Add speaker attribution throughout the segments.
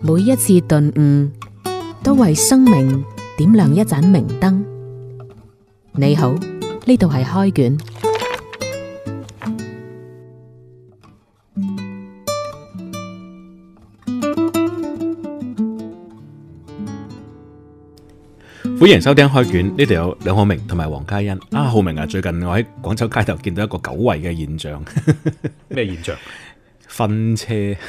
Speaker 1: 每一次頓悟，都為生命點亮一盞明燈。你好，呢度係開卷。歡迎收聽開卷，呢度有梁浩明同埋黃嘉欣。阿、啊、浩明啊，最近我喺廣州街頭見到一個久違嘅現象。咩 現象？婚 睡車。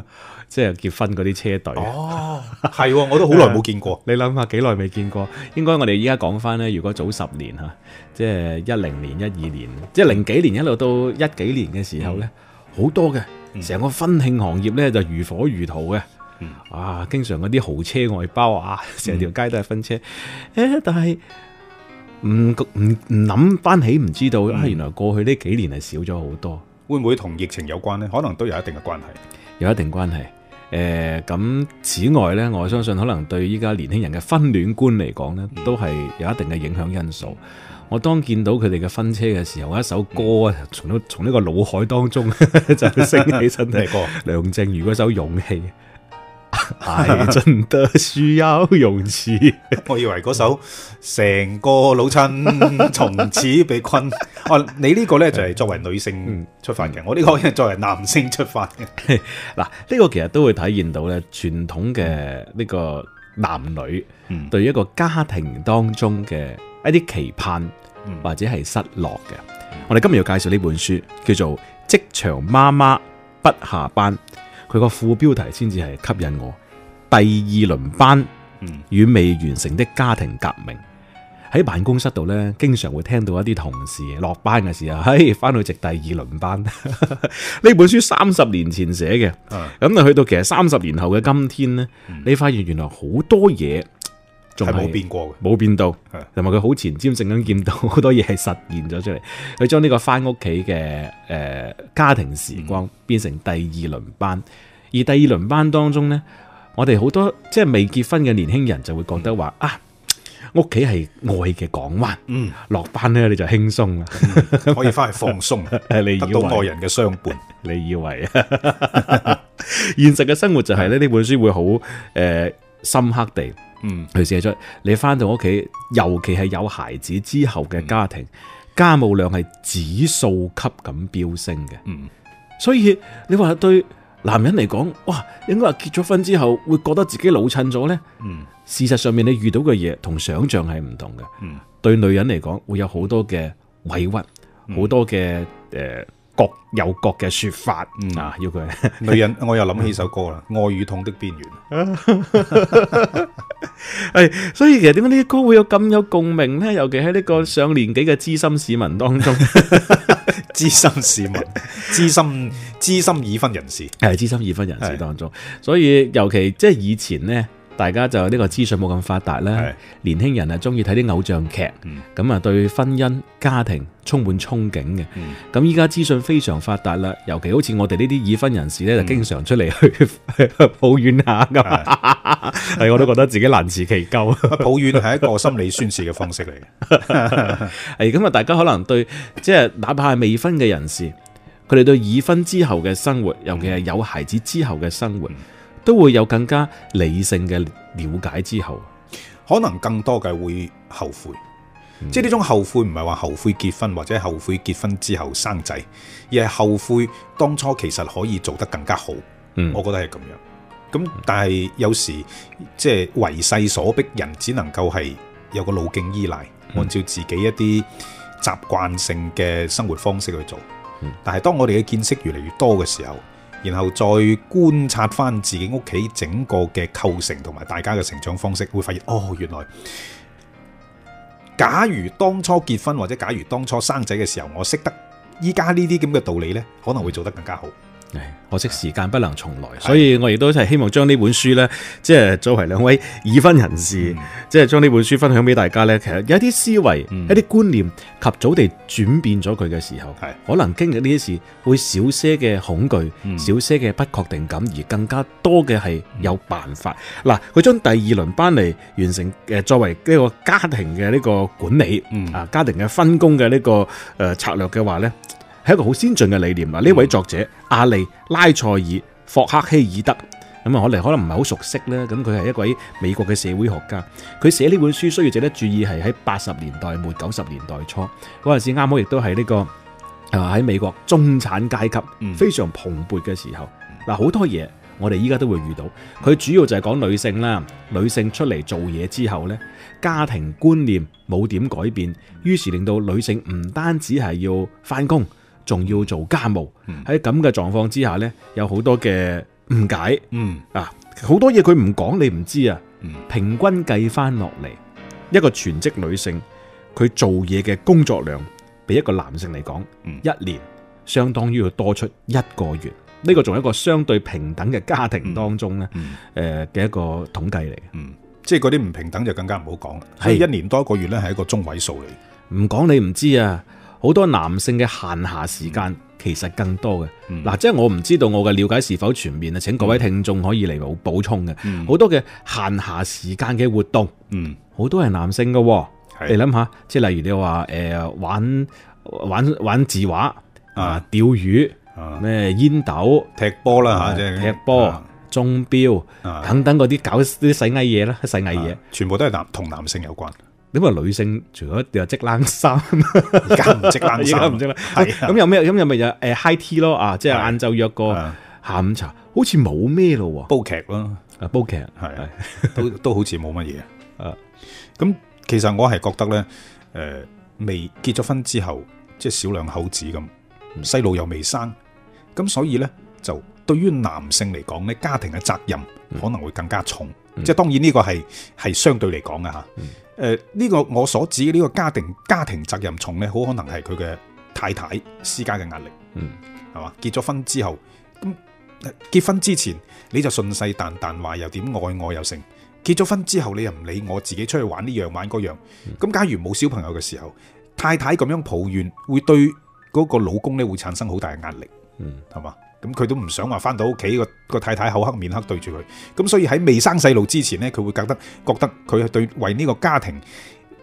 Speaker 1: 即係結婚嗰啲車隊哦，係，我都好耐冇見過、 呃。你諗下幾耐未見過？應該我哋依家講翻呢。如果早十年吓，即係一零年、一二年，即係零幾年一路到一幾年嘅時候呢，好、嗯、多嘅，成個婚慶行業呢，就如火如荼嘅。嗯、啊，經常嗰啲豪車外包啊，成條街都係婚車。嗯、但係唔唔唔諗翻起，唔知道、嗯、原來過去呢幾年係少咗好多。
Speaker 2: 會唔會同疫情有關呢？可能都有一定嘅關係，
Speaker 1: 有一定關係。誒，咁、呃、此外咧，我相信可能對依家年輕人嘅婚戀觀嚟講咧，都係有一定嘅影響因素。我當見到佢哋嘅婚車嘅時候，一首歌啊，從呢從呢個腦海當中 就升起身嚟過梁靜茹嗰首勇氣。係真的需要勇氣， 我以
Speaker 2: 為嗰首成個老親從此被困。哦、 啊，你呢個
Speaker 1: 呢，就係作為女性出發嘅，嗯、我呢個作為男性出發嘅。嗱、嗯，呢、嗯嗯、個其實都會體現到呢傳統嘅呢個男女對於一個家庭當中嘅一啲期盼或者係失落嘅。我哋今日要介紹呢本書叫做《職場媽媽不下班》。佢個副標題先至係吸引我，第二輪班與未完成的家庭革命。喺辦公室度呢，經常會聽到一啲同事落班嘅時候，嘿、哎，翻去值第二輪班呢 本書三十年前寫嘅，咁啊、嗯、去到其實三十年後嘅今天呢，你發現原來好多嘢。仲係冇變過嘅，冇變到，同埋佢好前瞻性咁見到好多嘢係實現咗出嚟佢將呢個翻屋企嘅誒家庭時光變成第二輪班，嗯、而第二輪班當中咧，我哋好多即係未結婚嘅年輕人就會覺得話、嗯、啊，屋企係愛嘅港灣，嗯，落班咧你就輕鬆啦，可以翻去放鬆， 你以為得到愛人嘅相伴。 你以為啊？ 現實嘅生活就係咧，呢本書會好誒、呃、深刻地。嗯，尤其是你翻到屋企，尤其係有孩子之後嘅家庭，家務量係指數級咁飆升嘅。嗯，所以你話對男人嚟講，哇，應該話結咗婚之後會覺得自己老襯咗呢？嗯，事實上面你遇到嘅嘢同想象係唔同嘅。嗯，對女人嚟講會有好多嘅委屈，好多嘅誒。嗯呃各有各嘅說法，嗯啊，要佢女人，我又諗起首歌啦，嗯《愛與痛的邊緣》。 所以其實點解呢啲歌會有咁有共鳴呢？尤其喺呢個上年紀嘅資深市民當中， 資 深市民、資深資深已婚人士，係資深已婚人士當中，的所以尤其即係以前呢。大家就呢個資訊冇咁發達啦，年輕人啊，中意睇啲偶像劇，咁啊的、嗯、對婚姻家庭充滿憧憬嘅。咁依家資訊非常發達啦，尤其好似我哋呢啲已婚人士咧，就經常出嚟去抱怨下。係的、嗯、我都覺得自己難辭其咎。抱怨係一個心理宣泄嘅方式嚟嘅。係咁啊，呵呵嗯、大家可能對，即係哪怕係未婚嘅人士，佢哋對已婚之後嘅生活，尤其係有孩子之後嘅生活。嗯都會有更加理性嘅了解之後，可能更
Speaker 2: 多嘅會後悔，嗯、即係呢種後悔唔係話後悔結婚或者後悔結婚之後生仔，而係後悔當初其實可以做得更加好。嗯，我覺得係咁樣。咁但係有時即係為勢所逼，人只能夠係有個路徑依賴，按照自己一啲習慣性嘅生活方式去做。但係當我哋嘅見識越嚟越多嘅時候。然後再觀察翻自己屋企整個嘅構成同埋大家嘅成長方式，會發現哦，原來假如當初結婚或者假如當初生仔嘅時候，我識得依家呢啲咁嘅道理呢，可能會做得更加好。
Speaker 1: 可惜時間不能重來，的所以我亦都係希望將呢本書呢，即、就、係、是、作為兩位已婚人士，即係將呢本書分享俾大家呢。其實有一啲思維、一啲、嗯、觀念及早地轉變咗佢嘅時候，係的可能經歷呢啲事會少些嘅恐懼，嗯、少些嘅不確定感，而更加多嘅係有辦法。嗱、嗯，佢將第二輪班嚟完成，誒，作為一個家庭嘅呢個管理，啊、嗯，家庭嘅分工嘅呢個誒策略嘅話呢。係一個好先進嘅理念嗱，呢位作者、嗯、阿利·拉塞爾·霍克希爾德咁啊，我哋可能唔係好熟悉啦。咁佢係一位美國嘅社會學家，佢寫呢本書需要值得注意係喺八十年代末九十年代初嗰陣時啱好，亦都係呢個誒喺美國中產階級、嗯、非常蓬勃嘅時候。嗱，好多嘢我哋依家都會遇到。佢主要就係講女性啦，女性出嚟做嘢之後呢，家庭觀念冇點改變，於是令到女性唔單止係要翻工，仲要做家務，喺咁嘅狀況之下呢，有好多嘅誤解，嗯啊，好多嘢佢唔講，你唔知啊。平均計翻落嚟，一個全職女性佢做嘢嘅工作量，比一個男性嚟講，嗯、一年相當於要多出一個月。呢個仲係一個相對平等嘅家庭當中呢，誒嘅一個統計嚟嘅。即係嗰啲唔平等就更加唔好講啦。係的一年多一個月呢，係一個中位數嚟。唔講你唔知啊。好多男性嘅閒暇時間其實更多嘅，嗱，即係我唔知道我嘅了解是否全面啊！請各位聽眾可以嚟補充嘅。好多嘅閒暇時間嘅活動，好多係男性嘅。你諗下，即係例如你話誒玩玩玩字畫啊、釣魚、咩煙斗、踢波啦嚇，即係踢波、鐘錶等等嗰啲搞啲細藝嘢啦，細藝嘢全部都係男同男性有關。咁啊，女性除咗又織冷衫，而家唔織冷，衫。 唔織冷，係咁、啊、有咩？咁又咪又誒 high tea 咯？啊，即係晏晝約個下午茶，好似冇咩咯？煲劇咯，啊煲劇係，啊、都 都好似冇乜嘢啊。
Speaker 2: 咁其實我係覺得咧，誒、呃、未結咗婚之後，即、就、係、是、小兩口子咁，細路、嗯、又未生，咁所以咧就對於男性嚟講咧，家庭嘅責任可能會更加重。嗯嗯。即係、嗯、當然呢個係係相對嚟講嘅嚇，誒呢、嗯呃呢個我所指嘅呢個家庭家庭責任重呢，好可能係佢嘅太太施加嘅壓力，嗯，係嘛？結咗婚之後，咁結婚之前你就信誓旦旦話又點愛我，又成，結咗婚之後你又唔理我自己出去玩呢樣玩嗰樣，咁、嗯、假如冇小朋友嘅時候，太太咁樣抱怨會對嗰個老公呢會產生好大嘅壓力，嗯，係嘛？咁佢都唔想話翻到屋企，個個太太口黑面黑對住佢，咁所以喺未生細路之前呢，佢會覺得覺得佢係對為呢個家庭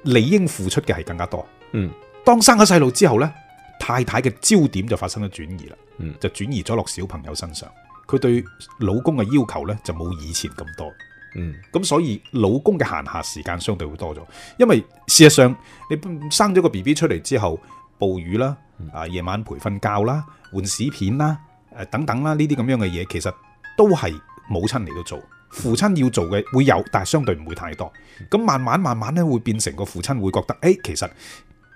Speaker 2: 理應付出嘅係更加多。嗯，當生咗細路之後呢，太太嘅焦點就發生咗轉移啦，嗯，就轉移咗落小朋友身上。佢對老公嘅要求呢，就冇以前咁多，嗯，咁所以老公嘅閒暇時間相對會多咗，因為事實上你生咗個 B B 出嚟之後，哺乳啦，嗯、啊夜晚陪瞓覺啦，換屎片啦。誒，等等啦，呢啲咁樣嘅嘢，其實都係母親嚟到做，父親要做嘅會有，但係相對唔會太多。咁慢慢慢慢咧，會變成個父親會覺得，誒，其實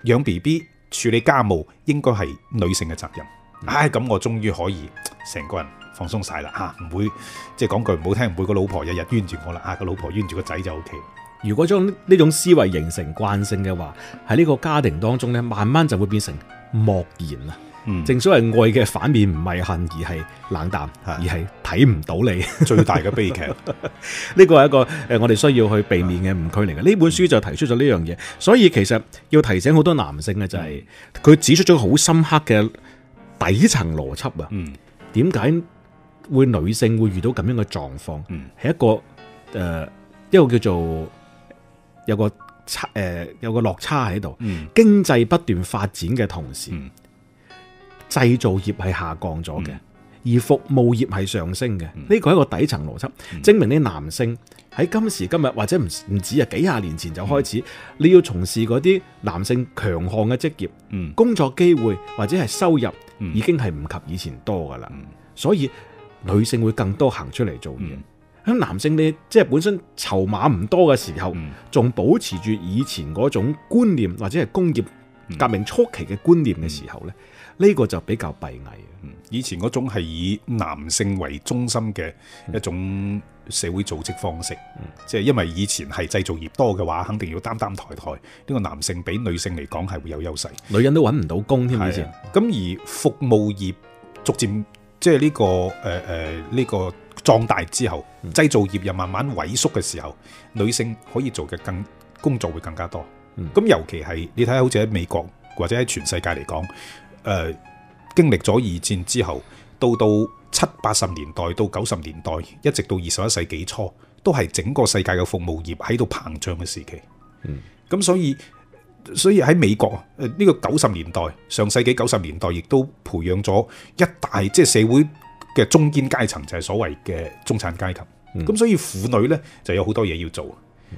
Speaker 2: 養 B B、處理家務應該係女性嘅責任。唉，咁我終於可以成個人放鬆晒啦，吓，唔會
Speaker 1: 即係講句唔好聽，唔會個老婆日日冤住我啦，啊，個老婆冤住個仔就 O K。如果將呢種思維形成慣性嘅話，喺呢個家庭當中咧，慢慢就會變成莫言啦。嗯、正所謂愛嘅反面唔係恨，而係冷淡，是的 而係睇唔到你最大嘅悲劇。呢個係一個誒，我哋需要去避免嘅誤區嚟嘅。呢、嗯、本書就提出咗呢樣嘢，所以其實要提醒好多男性嘅就係、是、佢指出咗好深刻嘅底層邏輯啊。嗯，點解會女性會遇到咁樣嘅狀況？嗯，係一個誒、呃、一個叫做有個差誒、呃、有個落差喺度。嗯，經濟不斷發展嘅同時。嗯製造業係下降咗嘅，嗯、而服務業係上升嘅。呢個係一個底層邏輯，嗯、證明啲男性喺今時今日或者唔唔止啊幾廿年前就開始，嗯、你要從事嗰啲男性強項嘅職業，嗯、工作機會或者係收入、嗯、已經係唔及以前多噶啦。嗯、所以女性會更多行出嚟做嘢。喺、嗯、男性呢，即、就、係、是、本身籌碼唔多嘅時候，仲、嗯、保持住以前嗰種觀念或者係工業革命初期嘅觀念嘅時候呢。
Speaker 2: 呢個就比較閉翳，以前嗰種係以男性為中心嘅一種社會組織方式，即係、嗯、因為以前係製造業多嘅話，肯定要擔擔抬抬抬。呢、這個男性比女性嚟講係會有優勢，
Speaker 1: 女人都揾唔到工添，係咪
Speaker 2: 咁？而服務業逐漸即係呢、這個誒誒呢個壯大之後，製造業又慢慢萎縮嘅時候，女性可以做嘅更工作會更加多。咁、嗯、尤其係你睇，下，好似喺美國或者喺全世界嚟講。誒、呃，經歷咗二戰之後，到到七八十年代到九十年代，一直到二十一世紀初，都係整個世界嘅服務業喺度膨脹嘅時期。
Speaker 1: 嗯，
Speaker 2: 咁所以所以喺美國誒呢、呃這個九十年代上世紀九十年代，亦都培養咗一大、嗯、即係社會嘅中間階層，就係、是、所謂嘅中產階級。咁、嗯、所以婦女呢，就有好多嘢要做。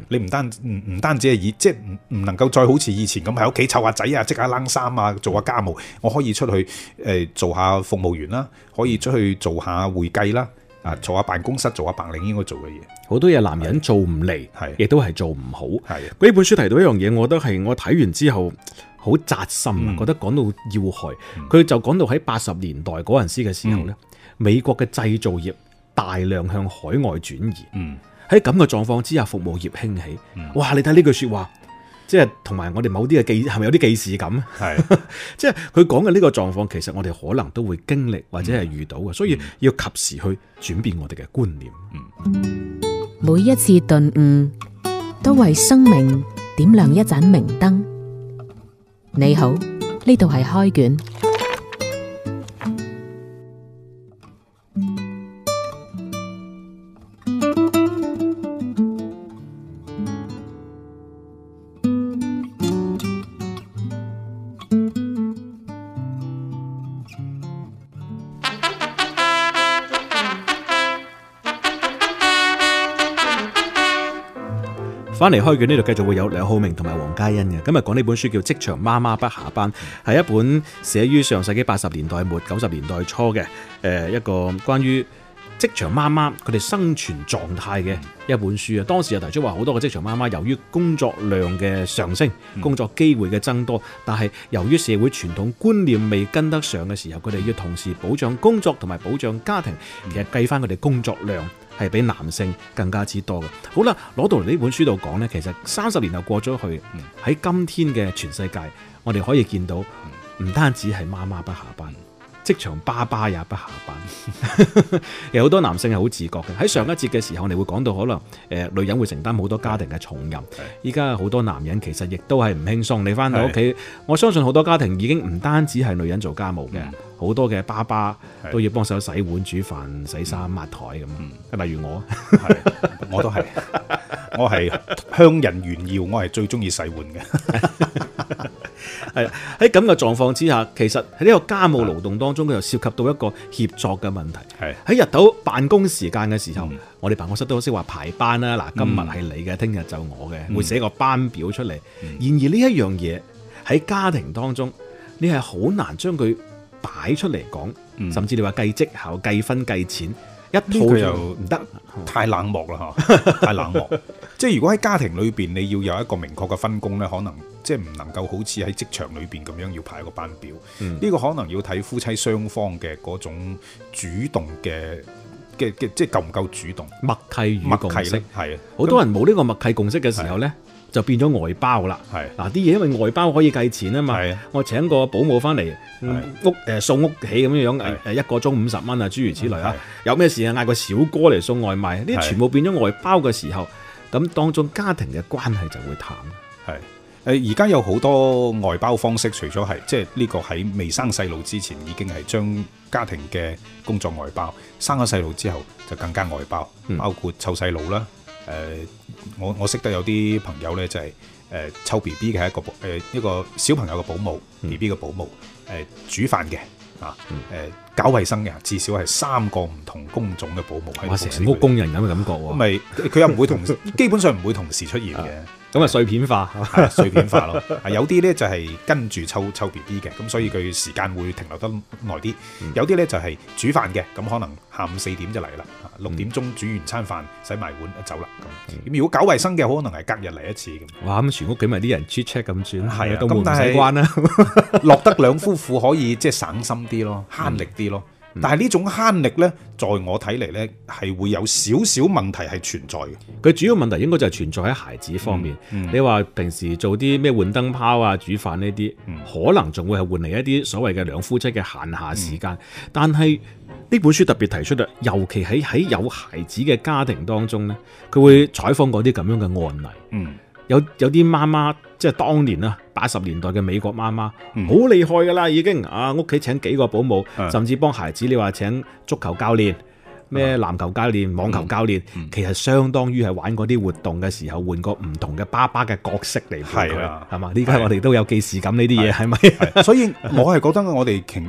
Speaker 2: 你唔單唔唔單止係以，即係唔唔能夠再好似以前咁喺屋企湊下仔啊，織下冷衫啊，做下家務，我可以出去誒、呃、做下服務員啦，可以出去做下會計啦，啊坐下辦公
Speaker 1: 室做下白領應該做嘅嘢，好多嘢男人做唔嚟，係亦都係做唔好。係，呢本書提到一樣嘢，我覺得係我睇完之後好扎心，嗯、覺得講到要害。佢、嗯、就講到喺八十年代嗰陣時嘅時候咧，嗯、美國嘅製造業大量向海外轉移。嗯。喺咁嘅狀況之下，服務業興起，哇！你睇呢句說話，即係同埋我哋某啲嘅記，係咪有啲記事感係，是的 即係佢講嘅呢個狀況，其實我哋可能都會經歷或者係遇到嘅，所以要及時去轉變我哋嘅觀念。嗯嗯，每一次頓悟，都為生命點亮一盞明燈。你好，呢度係開卷。嚟開卷呢度繼續會有劉浩明同埋黃嘉欣嘅，今日講呢本書叫《職場媽媽不下班》，係一本寫於上世紀八十年代末九十年代初嘅，誒、呃、一個關於職場媽媽佢哋生存狀態嘅一本書啊。當時又提出話，好多嘅職場媽媽由於工作量嘅上升、工作機會嘅增多，但係由於社會傳統觀念未跟得上嘅時候，佢哋要同時保障工作同埋保障家庭，其實計翻佢哋工作量。係比男性更加之多嘅。好啦，攞到嚟呢本書度講呢，其實三十年又過咗去，喺今天嘅全世界，我哋可以見到，唔單止係媽媽不下班。職場爸爸也不下班， 有好多男性係好自覺嘅。喺上一節嘅時候，你哋會講到可能誒女人會承擔好多家庭嘅重任。依家好多男人其實亦都係唔輕鬆。你翻到屋企，我相信好多家庭已經唔單止係女人做家務嘅，好多嘅爸爸都要幫手洗碗、煮飯、洗衫、抹台咁、嗯。例如我 係，我都係， 我係鄉人炫耀，我係最中意洗碗嘅。 係喺咁嘅狀況之下，其實喺呢個家務勞動當中，佢又涉及到一個協作嘅問題。係喺日頭辦公時間嘅時候，嗯、我哋辦公室都好識話排班啦。嗱、嗯，今日係你嘅，聽日就我嘅，嗯、會寫個班表出嚟。嗯、然而呢一樣嘢喺家庭當中，你係好難將佢擺出嚟講，嗯、甚至你話計績效、計分、計錢，一套就唔得它又
Speaker 2: 好，太冷漠啦，太冷漠。即係如果喺家庭裏邊，你要有一個明確嘅分工呢，可能。即係唔能夠好似喺職場裏邊咁樣要排個班表，呢個可能要睇夫妻雙方嘅嗰種主動嘅嘅嘅，即係夠唔夠
Speaker 1: 主動默契與共識，係啊！好多人冇呢個默契共識嘅時候咧，就變咗外包啦。係嗱啲嘢，因為外包可以計錢啊嘛。係啊，我請個保姆翻嚟屋誒送屋企咁樣樣，誒一個鐘五十蚊啊，諸如此類啊。有咩事啊？嗌個小哥嚟送外賣，呢啲全部變咗外包嘅時候，咁當中家庭嘅關係就會淡。誒而家有好多外包方式，除咗係即係呢個喺未生細路
Speaker 2: 之前已經係將家庭嘅工作外包，生咗細路之後就更加外包，包括湊細路啦。誒、嗯呃，我我識得有啲朋友咧就係誒湊 B B 嘅係一個誒、呃、一個小朋友嘅保姆，B B 嘅保姆誒、呃、煮飯嘅。啊，誒、嗯、搞衞生嘅至少係三個唔同工種嘅保姆喺度，成屋工人咁嘅感覺喎、啊。唔係佢又唔會同， 基本上唔會同時出現嘅。咁啊、嗯嗯、對碎片化，
Speaker 1: 對 碎片化咯。有
Speaker 2: 啲咧就係跟住湊湊 B B 嘅，咁所以佢時間會停留得耐啲。有啲咧就係煮飯嘅，咁可能下午四點就嚟啦。嗯、六點鐘煮完餐飯，洗埋碗就走啦。咁如果搞衛生嘅，可能係隔日嚟一次。哇、嗯！
Speaker 1: 咁、嗯、全屋企咪啲人 check check 咁轉，係啊，都冇沒使是關啦、啊是。 落得兩夫婦可以 即係
Speaker 2: 省心啲咯，慳力啲咯。嗯但係呢種慳力呢，在我睇嚟呢，係會有
Speaker 1: 少少問題係存在嘅。佢主要問題應該就係存在喺孩子方面。嗯嗯、你話平時做啲咩換燈泡啊、煮飯呢啲，嗯、可能仲會係換嚟一啲所謂嘅兩夫妻嘅閒暇時間。嗯、但係呢本書特別提出嘅，尤其喺喺有孩子嘅家庭當中呢，佢會採訪嗰啲咁樣嘅案例。嗯，有有啲媽媽即係當年啊。八十年代嘅美國媽媽好、嗯、厲害噶啦，已經啊屋企請幾個保姆，嗯、甚至幫孩子你話請足球教練、咩籃球教練、網球教練，嗯嗯、其實相當於係玩嗰啲活動嘅時候，換個唔同嘅爸爸嘅角色嚟。係啊，係嘛？依家我哋都有既視感呢啲嘢，係咪是吧？所以我係覺得我哋傾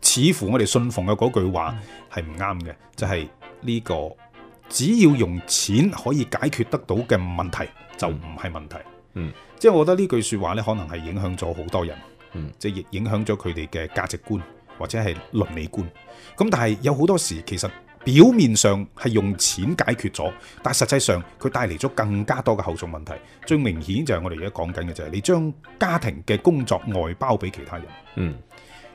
Speaker 2: 誒，似乎我哋信奉嘅嗰句話係唔啱嘅，就係、是、呢、這個只要用錢可以解決得到嘅問題，就唔係問題。嗯嗯，即係我覺得呢句說話咧，可能係影響咗好多人，嗯，即係影響咗佢哋嘅價值觀或者係倫理觀。咁但係有好多時，其實表面上係用錢解決咗，但係實際上佢帶嚟咗更加多嘅後續問題。最明顯就係我哋而家講緊嘅就係你將家庭嘅工作外包俾其他人，嗯，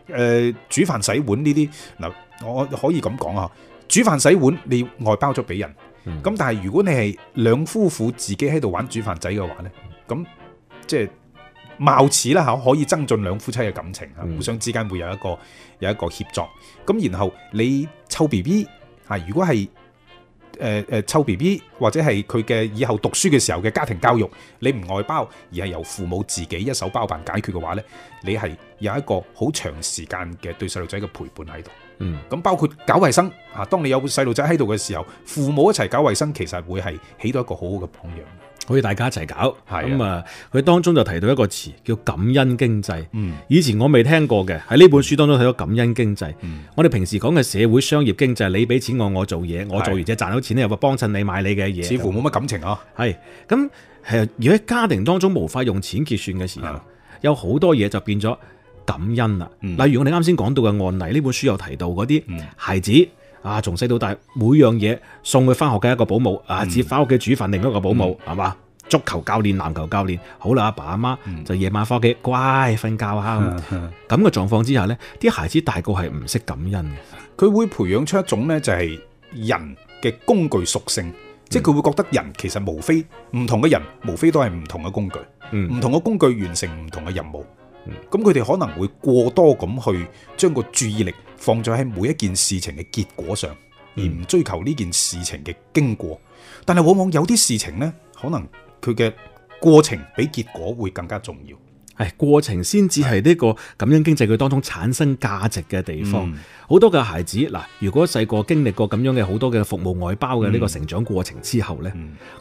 Speaker 2: 誒、呃，煮飯洗碗呢啲嗱，我可以咁講啊，煮飯洗碗你外包咗俾人，咁、嗯、但係如果你係兩夫婦自己喺度玩煮飯仔嘅話咧。咁即係貌似啦，吓可以增進兩夫妻嘅感情，吓互相之間會有一個有一個協作。咁然後你湊 B B 吓，如果係誒誒湊 B B 或者係佢嘅以後讀書嘅時候嘅家庭教育，你唔外包而係由父母自己一手包辦解決嘅話咧，你係有一個好長時間嘅對細路仔嘅陪伴喺度。嗯，咁包括搞衛生啊，當你有細路仔喺度嘅時候，父母一齊搞衛生，其實會係起到一個好好嘅榜樣。
Speaker 1: 可以大家一齊搞，咁是的、嗯、啊佢當中就提到一個詞叫感恩經濟。嗯、以前我未聽過嘅，喺呢本書當中睇到感恩經濟。嗯、我哋平時講嘅社會商業經濟，你俾錢我，我做嘢，是的 我做完者賺到錢咧，又話幫襯你買你嘅嘢，似乎冇乜感情啊。係咁，係如果喺家庭當中無法用錢結算嘅時候，是的 有好多嘢就變咗感恩啦。嗯、例如我哋啱先講到嘅案例，呢本書有提到嗰啲孩子。啊，從細到大，每樣嘢送佢翻學嘅一個保姆，嗯、啊，接翻屋企煮飯另一個保姆，係嘛、嗯？足球教練、籃球教練，好啦，阿爸阿媽就夜晚翻屋企，嗯、乖瞓覺啊。咁嘅狀況之下呢，啲孩子大個係唔識感恩
Speaker 2: 嘅。佢會培養出一種呢，就係人嘅工具屬性，嗯、即係佢會覺得人其實無非唔同嘅人，無非都係唔同嘅工具，嗯、唔同嘅工具完成唔同嘅任務。咁佢哋可能會過多咁去將個注意力，放咗喺每一件事情嘅結果上，而唔追求呢件事情嘅經過。嗯、但係往往有啲事情呢，可能佢嘅過程比
Speaker 1: 結果會更加重要。係、哎、過程先至係呢個感恩經濟佢當中產生價值嘅地方。好、嗯、多嘅孩子嗱，如果細個經歷過咁樣嘅好多嘅服務外包嘅呢個成長過程之後呢，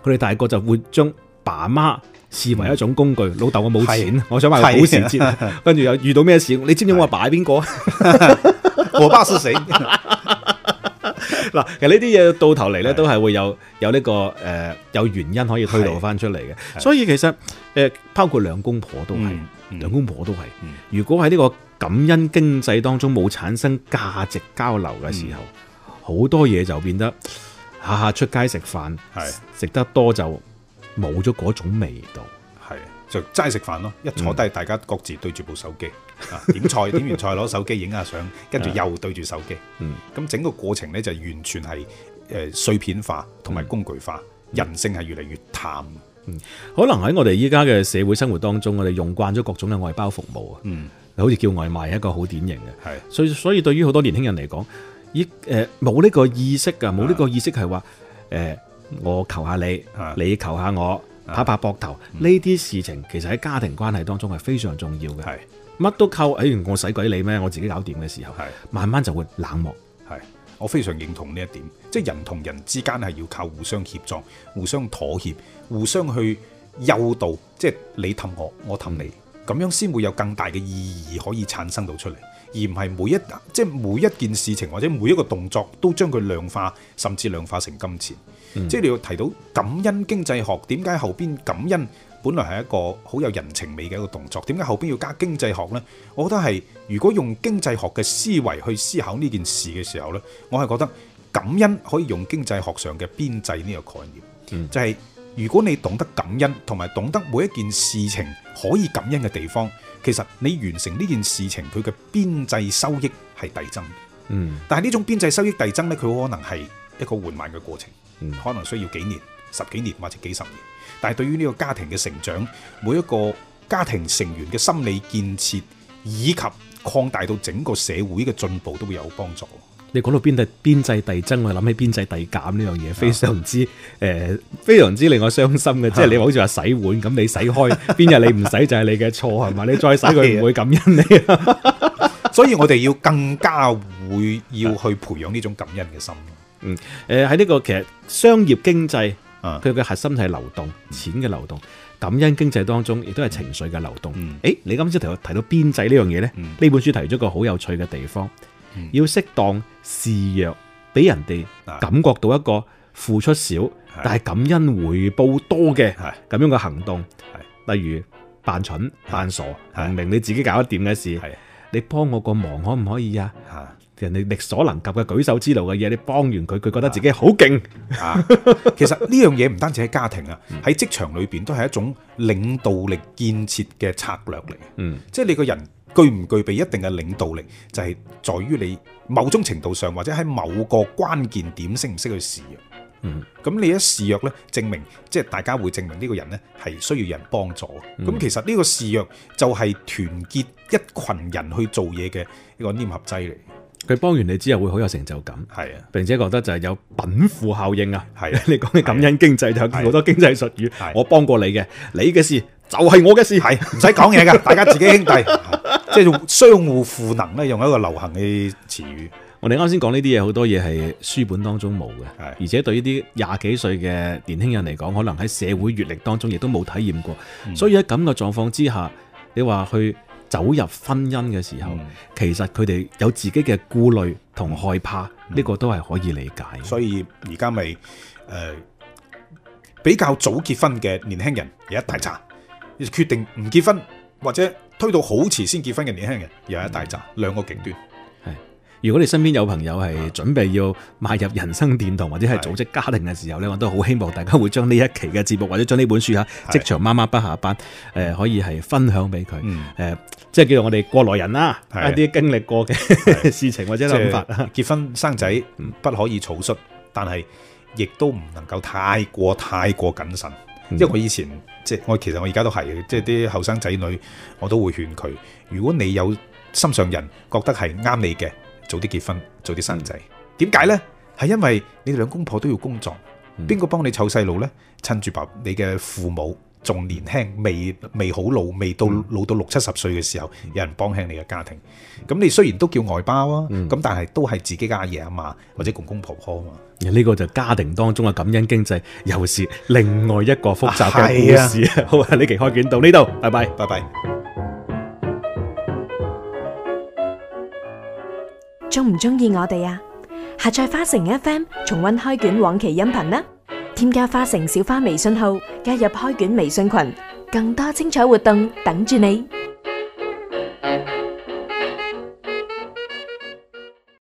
Speaker 1: 佢哋、嗯、大個就會將爸媽視為一種工具。嗯、老豆我冇錢，的我想買個保時捷，跟住的又遇到咩事，你知唔知我阿爸係邊個？的 我巴死！嗱， 其實呢啲嘢到頭嚟咧，都係會有有呢、呢個誒、呃、有原因可以推導翻出嚟嘅。所以其實誒、呃，包括兩公婆都係、嗯嗯、兩公婆都係。嗯、如果喺呢個感恩經濟當中冇產生價值交流嘅時候，好、嗯、多嘢就變得下下、啊、出街食飯係食是得多就冇咗嗰種味道。
Speaker 2: 就齋食飯咯，一坐低大家各自對住部手機，嗯、點菜，點完菜攞手機影下相，跟住又對住手機。嗯，咁整個過程呢，就完全係誒碎片
Speaker 1: 化同埋工具化，嗯、人性係越嚟越淡。嗯，可能喺我哋依家嘅社會生活當中，我哋用慣咗各種嘅外包服務啊。嗯，好似叫外賣係一個好典型嘅。係的。所以所以對於好多年輕人嚟講，依誒冇呢個意識噶，冇呢個意識係話誒我求下你，的你求下我。拍拍膊頭，呢啲事情其實喺家庭關係當中係非常重要嘅。係乜是都靠哎、欸，我使鬼你咩？我自己搞掂嘅時候，是慢慢就會冷漠。係，我非常認同呢一點。即係人同人之
Speaker 2: 間係要靠互相協助、互相妥協、互相去誘導。即係你氹我，我氹你，咁、嗯、樣先會有更大嘅意義可以產生到出嚟。而唔係每一即係每一件事情或者每一個動作，都將佢量化，甚至量化成金錢。嗯、即係你要提到感恩經濟學，點解後邊感恩本來係一個好有人情味嘅一個動作，點解後邊要加經濟學呢？我覺得係如果用經濟學嘅思維去思考呢件事嘅時候呢，我係覺得感恩可以用經濟學上嘅邊際呢個概念，嗯、就係如果你懂得感恩同埋懂得每一件事情可以感恩嘅地方。其實你完成呢件事情，佢嘅邊際收益係遞增，嗯，但係呢種邊際收益遞增呢，佢可能係一個緩慢嘅過程，嗯，可能需要幾年、十幾年或者幾十年。但係對於呢個家庭嘅成長，每一個家庭成員嘅心理建設，以及擴大到整個社
Speaker 1: 會嘅進步，都會有幫助。你講到邊際邊際遞增，我諗起邊際遞減呢樣嘢，非常之誒、呃，非常之令我傷心嘅。即係你好似話洗碗，咁你洗開邊日你唔洗就係你嘅錯，係嘛？你再洗佢唔的會感恩你。 所以我哋要更加會要去培養呢種感恩嘅心。嗯，誒喺呢個其實商業經濟，佢嘅核心係流動，嗯、錢嘅流動，感恩經濟當中亦都係情緒嘅流動。誒、嗯欸，你今次提提到邊際呢樣嘢咧？呢、嗯、本書提咗個好有趣嘅地方。要適當示弱，俾人哋感覺到一個付出少，是的但係感恩回報多嘅咁樣嘅行動。的例如扮蠢、扮的傻，唔的明你自己搞得掂嘅事，的你幫我個忙可唔可以啊？的人哋力所能及嘅舉手之勞嘅嘢，你幫完佢，佢覺得自己好勁。
Speaker 2: 其實呢樣嘢唔單止喺家庭啊，喺職的場裏邊都係一種領導力建設嘅策略嚟。嗯的，即係你個人。具唔具備一定嘅領導力，就係在於你某種程度上，或者喺某個關鍵點識唔識去示弱。嗯，咁你一示弱呢，證明即係大家會證明呢個人咧係需要人幫助。咁、嗯、其實呢個示弱，就係團結一群人去做嘢嘅一個黏
Speaker 1: 合劑嚟。佢幫完你之後會好有成就感，係啊，並且覺得就係有稟賦效應啊。係、啊、你講嘅感恩經濟、啊、就係好多經濟術語，啊、我幫過你嘅，你嘅事就係我嘅事，係唔使講嘢噶， 大家自己兄弟。 即係用相互賦能咧，用一個流行嘅詞語。我哋啱先講呢啲嘢，好多嘢係書本當中冇嘅，是的 而且對呢啲廿幾歲嘅年輕人嚟講，可能喺社會閱歷當中亦都冇體驗過。嗯、所以喺咁嘅狀況之下，你話去走入婚姻嘅時候，嗯、其實佢哋有自己嘅顧慮同害怕，呢、嗯、個都係可以理解。所以而家咪
Speaker 2: 誒比較早結婚嘅年輕人有一大扎，決定唔結婚或者。推到好遲先結婚嘅年輕人又一大扎，兩個極端。係
Speaker 1: 如果你身邊有朋友係準備要邁入人生殿堂或者係組織家庭嘅時候呢的我都好希望大家會將呢一期嘅節目或者將呢本書吓《職的場媽媽不下班》誒、呃，可以係分享俾佢。誒、嗯呃，即係叫做我哋、啊、的過來人啦，一啲經歷過嘅
Speaker 2: 事情或者諗法。是是結婚生仔不可以草率，嗯、但係亦都唔能夠太過太過謹慎。嗯、因為佢以前。即係我其實我而家都係，即係啲後生仔女，我都會勸佢：如果你有心上人，覺得係啱你嘅，早啲結婚，早啲生仔。點解、嗯、呢？係因為你兩公婆都要工作，邊個幫你湊細路呢？趁住爸，爸你嘅父母。仲年輕，未未好老，未到老到六七十歲嘅時候，有人幫輕你嘅家庭。咁你雖然都叫
Speaker 1: 外包啊，咁、嗯、但係都係自己嘅阿爺阿嫲或者公公婆婆啊嘛。呢個就家庭當中嘅感恩經濟，又是另外一個複雜嘅故事好啊！呢、啊、期開卷到呢度，拜拜，拜拜。
Speaker 2: 中唔中意我哋啊？下載花城 FM 重溫開卷往期音頻啦！添加花城小花微信號，加入開卷微信群，更多精
Speaker 1: 彩活動等住你。